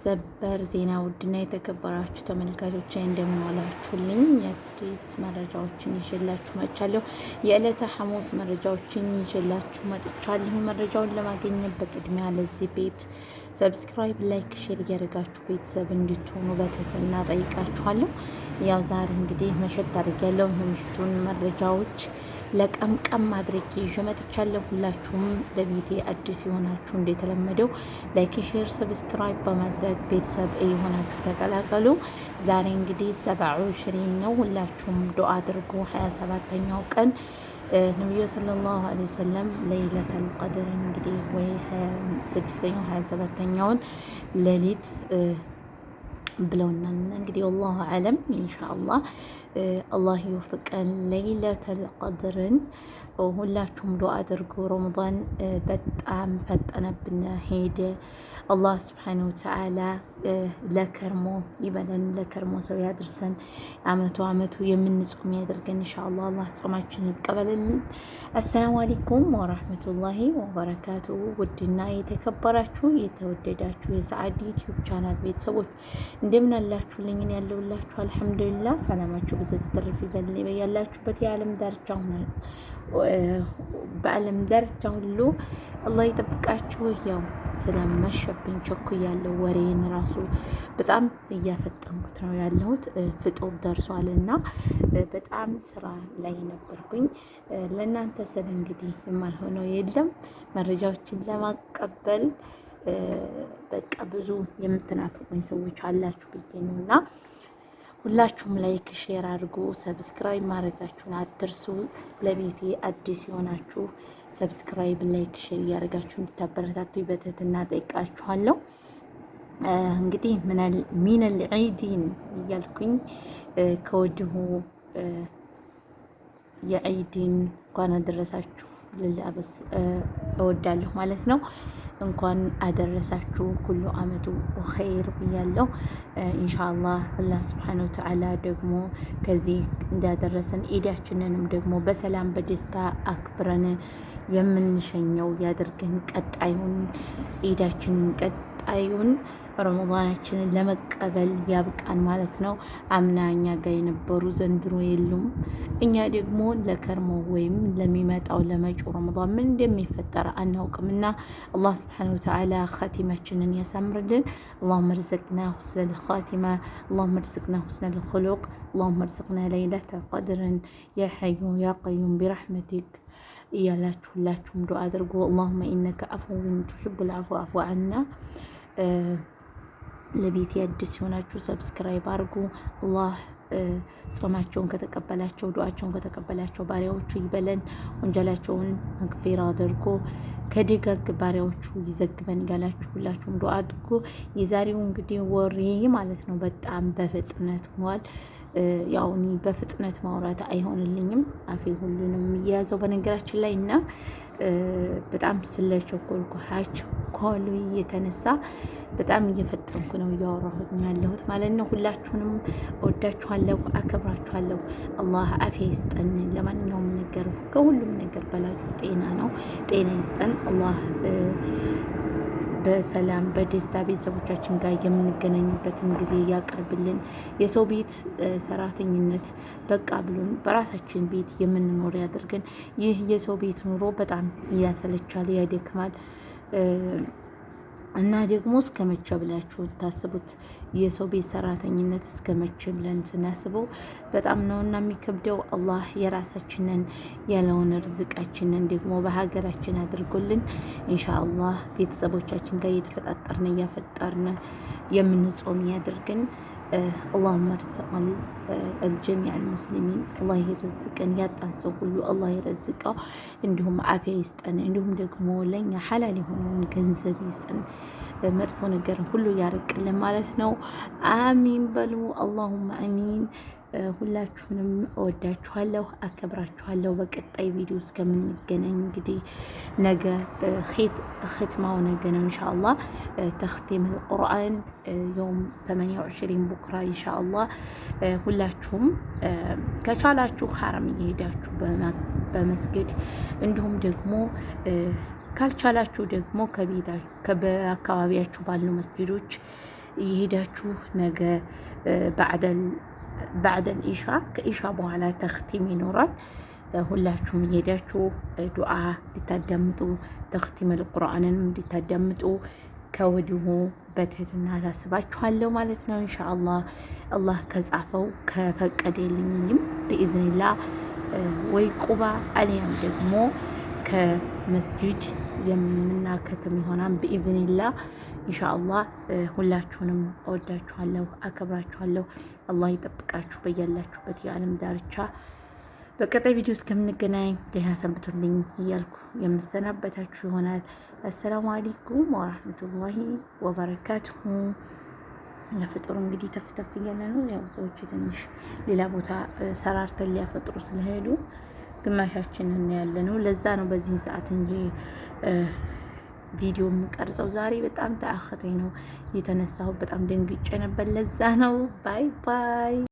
ሰበር ዜና ውድና የተከበራችሁ ተመልካቾች እንደምን የአዲስ መረጃዎችን ይዤላችሁ መጥቻለሁ። የዕለተ ሐሙስ መረጃዎችን ይዤላችሁ መጥቻለሁ። መረጃውን ለማግኘት በቅድሚያ ለዚህ ቤት ሰብስክራይብ፣ ላይክ፣ ሼር እያደረጋችሁ ቤተሰብ እንድትሆኑ በትህትና ጠይቃችኋለሁ። ያው ዛሬ እንግዲህ መሸት አድርጊያለሁ። የምሽቱን መረጃዎች ለቀምቀም አድርጌ ይዤ መጥቻለሁ። ሁላችሁም ለቤቴ አዲስ የሆናችሁ እንደተለመደው ላይክ፣ ሼር፣ ሰብስክራይብ በማድረግ ቤተሰብ የሆናችሁ ተቀላቀሉ። ዛሬ እንግዲህ ሰብዓ ዑሽሪን ነው። ሁላችሁም ዱዓ አድርጉ። ሀያ ሰባተኛው ቀን النبي إيه، صلى الله عليه وسلم ليلة القدر እንግዲህ ست سنين ኛው 27ኛው ሌሊት ብለውና እንግዲህ والله اعلم ان شاء الله إيه، الله يوفق ليلة القدر ሁላችሁም ዱአ አድርጉ። ረመዳን በጣም ፈጠነብን ሄደ። አላህ ስብሓነሁ ወተዓላ ለከርሞ ይበለን፣ ለከርሞ ሰው ያድርሰን። አመቱ አመቱ የምንጾም ያደርገን ኢንሻአላህ። አላህ ጾማችን ይቀበልልን። አሰላሙ አለይኩም ወራህመቱላሂ ወበረካቱ። ውድና የተከበራችሁ የተወደዳችሁ የሰዓድ ዩቲዩብ ቻናል ቤተሰቦች እንደምን አላችሁ? ልኝን ያለውላችሁ አልሐምዱሊላ። ሰላማችሁ ብዙ ትርፍ ይበልን። ያላችሁበት የዓለም ዳርቻ ሁኑ በዓለም ዳርቻ ሁሉ አላህ ይጠብቃችሁ። ያው ስለመሸብኝ ቸኩ ያለው ወሬን ራሱ በጣም እያፈጠንኩት ነው ያለሁት። ፍጡር ደርሷል እና በጣም ስራ ላይ ነበርኩኝ። ለእናንተ ስል እንግዲህ የማልሆነው የለም መረጃዎችን ለማቀበል በቃ ብዙ የምትናፍቁኝ ሰዎች አላችሁ ብዬ ነው እና ሁላችሁም ላይክ ሼር አድርጉ፣ ሰብስክራይብ ማድረጋችሁን አትርሱ። ለቤቴ አዲስ የሆናችሁ ሰብስክራይብ፣ ላይክ፣ ሼር እያደረጋችሁ እንድታበረታቱ በትህትና ጠይቃችኋለሁ። እንግዲህ ሚነል ዒዲን እያልኩኝ ከወዲሁ የዒዲን እንኳን አደረሳችሁ ልላበስ እወዳለሁ ማለት ነው። እንኳን አደረሳችሁ ኩሉ አመቱ ኸይር ብያለሁ። ኢንሻአላህ አላህ ስብሓነ ወተዓላ ደግሞ ከዚህ እንዳደረሰን ኢዳችንንም ደግሞ በሰላም በደስታ አክብረን የምንሸኘው ያድርገን። ቀጣዩን ኢዳችንን ቀጣዩን ረመዳናችንን ለመቀበል ያብቃን ማለት ነው። አምና እኛ ጋር የነበሩ ዘንድሮ የሉም። እኛ ደግሞ ለከርሞ ወይም ለሚመጣው ለመጪው ረመዳን ምን እንደሚፈጠር አናውቅም እና አላህ سبحانه وتعالى خاتمتنا يسمردن اللهم ارزقنا حسن الخاتمة اللهم ارزقنا حسن الخلق اللهم ارزقنا ليلة قدر يا حي يا قيوم برحمتك لا ሁላችሁም ዱአ አድርጉ። اللهم إنك አፉውን ቱሂቡል አፍወ አዕፍ ዐና። ለቤቴ لبيتي የሆናችሁ ሰብስክራይብ አድርጉ። الله ጾማቸውን ከተቀበላቸው ዱዓቸውን ከተቀበላቸው ባሪያዎቹ ይበለን። ወንጀላቸውን መግፌር አድርጎ ከደጋግ ባሪያዎቹ ይዘግበን እያላችሁ ሁላችሁም ዱዓ አድርጎ የዛሬው እንግዲህ ወሬ ማለት ነው በጣም በፍጥነት ሆኗል። ያው እኔ በፍጥነት ማውራት አይሆንልኝም አፌ ሁሉንም እየያዘው በነገራችን ላይ እና በጣም ስለቸኮልኩ ከሉ እየተነሳ በጣም እየፈጠንኩ ነው እያወራሁት ያለሁት ማለት ነው። ሁላችሁንም ወዳችኋለሁ፣ አከብራችኋለሁ። አላህ አፊያ ይስጠን። ለማንኛውም ነገር ከሁሉም ነገር በላጩ ጤና ነው። ጤና ይስጠን አላህ በሰላም በደስታ ቤተሰቦቻችን ጋር የምንገናኝበትን ጊዜ ያቀርብልን የሰው ቤት ሰራተኝነት በቃ ብሎን በራሳችን ቤት የምንኖር ያደርገን ይህ የሰው ቤት ኑሮ በጣም ያሰለቻል፣ ያደክማል። እና ደግሞ እስከ መቼ ብላችሁ ታስቡት። የሰው ቤት ሰራተኝነት እስከ መቼ ብለን ስናስበው በጣም እና የሚከብደው። አላህ የራሳችንን ያለውን ርዝቃችንን ደግሞ በሀገራችን አድርጎልን ኢንሻአላህ ቤተሰቦቻችን ጋር እየተፈጣጠርን እያፈጠርን የምንጾም ያድርግን። አላሁመ ርዝቀን አልጀሚዕ አልሙስሊሚን አላህ ይረዝቀን፣ ያጣን ሰው ሁሉ አላህ ይረዝቀው። እንዲሁም አፊያ ይስጠን። እንዲሁም ደግሞ ለእኛ ሀላል የሆነውን ገንዘብ ይስጠን። መጥፎ ነገርን ሁሉ ያርቅልን ማለት ነው። አሚን በሉ። አላሁመ አሚን። ሁላችሁንም እወዳችኋለሁ፣ አከብራችኋለሁ። በቀጣይ ቪዲዮ እስከምንገናኝ እንግዲህ ነገ ክትማው ነገ ነው እንሻአላ ተክቲም ቁርአን የውም 28 ቡክራ እንሻአላ። ሁላችሁም ከቻላችሁ ሀረም እየሄዳችሁ በመስገድ እንዲሁም ደግሞ ካልቻላችሁ ደግሞ በአካባቢያችሁ ባሉ መስጊዶች እየሄዳችሁ ነገ ባዕደል ባዕደል ኢሻ ከኢሻ በኋላ ተኽቲም ይኖራል። ሁላችሁም እየሄዳችሁ ዱዓ እንዲታዳምጡ ተኽቲም አልቁርአንን እንዲታዳምጡ ከወዲሁ በትህትና አሳስባችኋለሁ ማለት ነው። እንሻአላ አላህ ከጻፈው ከፈቀደልኝም ብኢዝኒላ ወይ ቁባ አሊያም ደግሞ ከመስጅድ የምናከትም ይሆናል ብኢዝኒላ። ኢንሻአላህ ሁላችሁንም ወዳችኋለሁ፣ አከብራችኋለሁ። አላህ ይጠብቃችሁ በያላችሁበት የዓለም ዳርቻ። በቀጣይ ቪዲዮ እስከምንገናኝ ደህና ሰንብቱልኝ እያልኩ የምሰናበታችሁ ይሆናል። አሰላሙ አለይኩም ወራህመቱላሂ ወበረካቱሁ። ለፍጥሩ እንግዲህ ተፍተፍ እያለ ነው። ያው ሰዎች ትንሽ ሌላ ቦታ ሰራርተን ሊያፈጥሩ ስለሄዱ ግማሻችንን ያለ ነው። ለዛ ነው በዚህን ሰዓት እንጂ ቪዲዮ የምቀርጸው ዛሬ በጣም ተአክሬ ነው የተነሳሁት። በጣም ደንግጬ ነበር። ለዛ ነው። ባይ ባይ